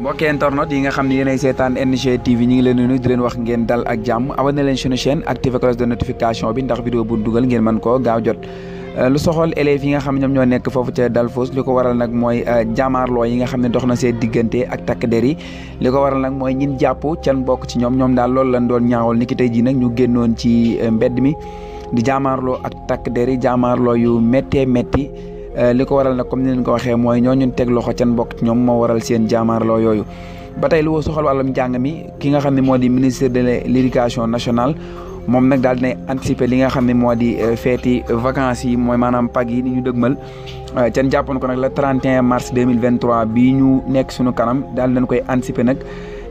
mbokkee internet yi nga xam ne yéenay seetaan NG TV ñu ngi leen nuyu di leen wax ngeen dal ak jàmm abonné leen suñu chaîne activé cloche de notification bi ndax vidéo bu dugal ngeen mën koo gaaw jot euh, lu soxol élèves yi nga xam ne ñoom ñoo nekk foofu ca Dalfous li ko waral nag mooy euh, jaamaarloo yi nga xam ne dox na seen diggante ak takk der yi li ko waral nag mooy ñin jàpp cen bokk ci ñoom ñoom daal loolu lañ doon ñaawal ni ki tey jii nag ñu génnoon ci euh, mbedd mi di jaamaarloo ak takk der yi jaamaarloo yu méttee métti Eh, li ko waral nag comme ni leen ko waxee mooy ñoo ñun teg loxo can bokk ñoom moo waral seen jaamaarloo yooyu ba tey lu soxal wàllum njàng mi ki nga xam ne moo di ministre de l'éducation nationale moom nag daal dinay anticiper li nga xam ne moo di eh, feeti vacances yi mooy maanaam pag yi ni ñu dëgmal eh, can jàppoon ko nag la le 31 mars 2023 bii ñu nekk suñu kanam daal dañ koy anticiper nag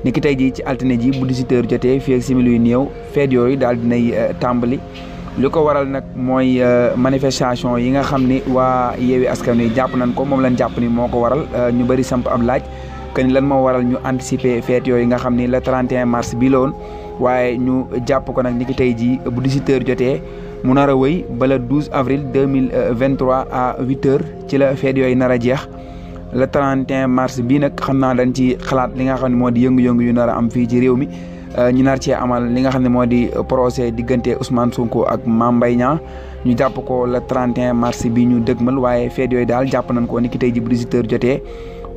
ni ki tey jii ci altine ji bu 18 heures jotee fii ak yu néew feet yooyu daal dinay tàmbali li ko waral nag mooy euh, manifestation yi nga xam ni waa yeewi askan wi jàpp nañ ko moom lañ jàpp ni moo ko waral euh, ñu bëri samp am laaj que lan ma waral ñu anticiper fête yooyu nga xam ni le 31 mars bi la waaye ñu jàpp ko nag ni ki tey jii bu 18 jotee mu nar a wëy ba le 12 avril 2023 à 8h ci la feet yooyu nar a jeex. le 31 mars bii nag xam naa dañ ci xalaat li nga xam ne moo di yëngu-yëngu yu nar a am fii ci réew mi Euh, ñu nar cee amal li nga xam ne moo di procès diggante Ousmane Sonko ak Mame Mbaye Niang ñu jàpp ko le 31 mars bi ñu dëgmal waaye feet yooyu daal jàpp nañ ko ni ki tey ji bu 18h jotee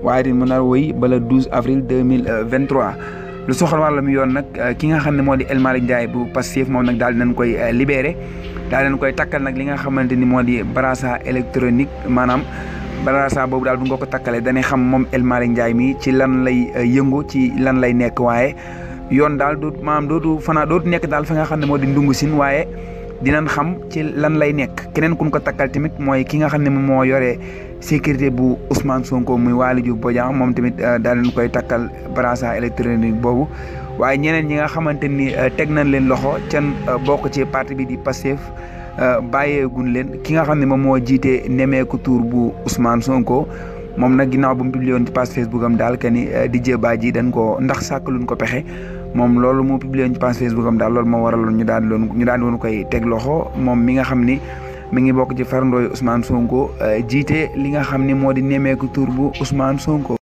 waaye di mën a wëy ba le 12 avril 2023. lu soxal wàllum yoon nag euh, ki nga xam ne moo di El Malick Ndiaye bu Pastef moom nag daal dinañ koy euh, libéré daal dinañ koy takkal nag li nga xamante ni moo di bracelet électronique maanaam. bracelet boobu daal bu nga ko takkalee dañuy xam moom El Malick Ndiaye ci lan lay yëngu ci lan lay nekk waaye. yoon daal dootu maanaam dootu fanaa dootu nekk daal fi nga xam ne moo di ndungu siin waaye dinañ xam ci lan lay nekk keneen kun ko takkal tamit mooy ki nga xam ne moom moo yore sécurité bu Ousmane Sonko muy Waly Diouf Bodiang moom tamit euh, daal koy takkal brassard électronique boobu waaye ñeneen ñi nga xamante ni euh, teg nañ leen loxo can euh, bokk ci parti bi di Pastef bàyyeegun leen ki nga xam ne moom moo jiite nemeeku tour bu Ousmane Sonko moom nag ginnaaw bu mu publié woon ci page daal que ni Didier Badji dañ ko ndax sàkkaluñ ko pexe moom loolu moo publié ñu page Facebook am daal loolu moo waraloon ñu daan doon ñu daan doon koy teg loxo moom mi nga xam ni mi ngi bokk ci farandooy Ousmane Sonko eh, jiite li nga xam ni moo di nemmeeku tur bu Ousmane Sonko.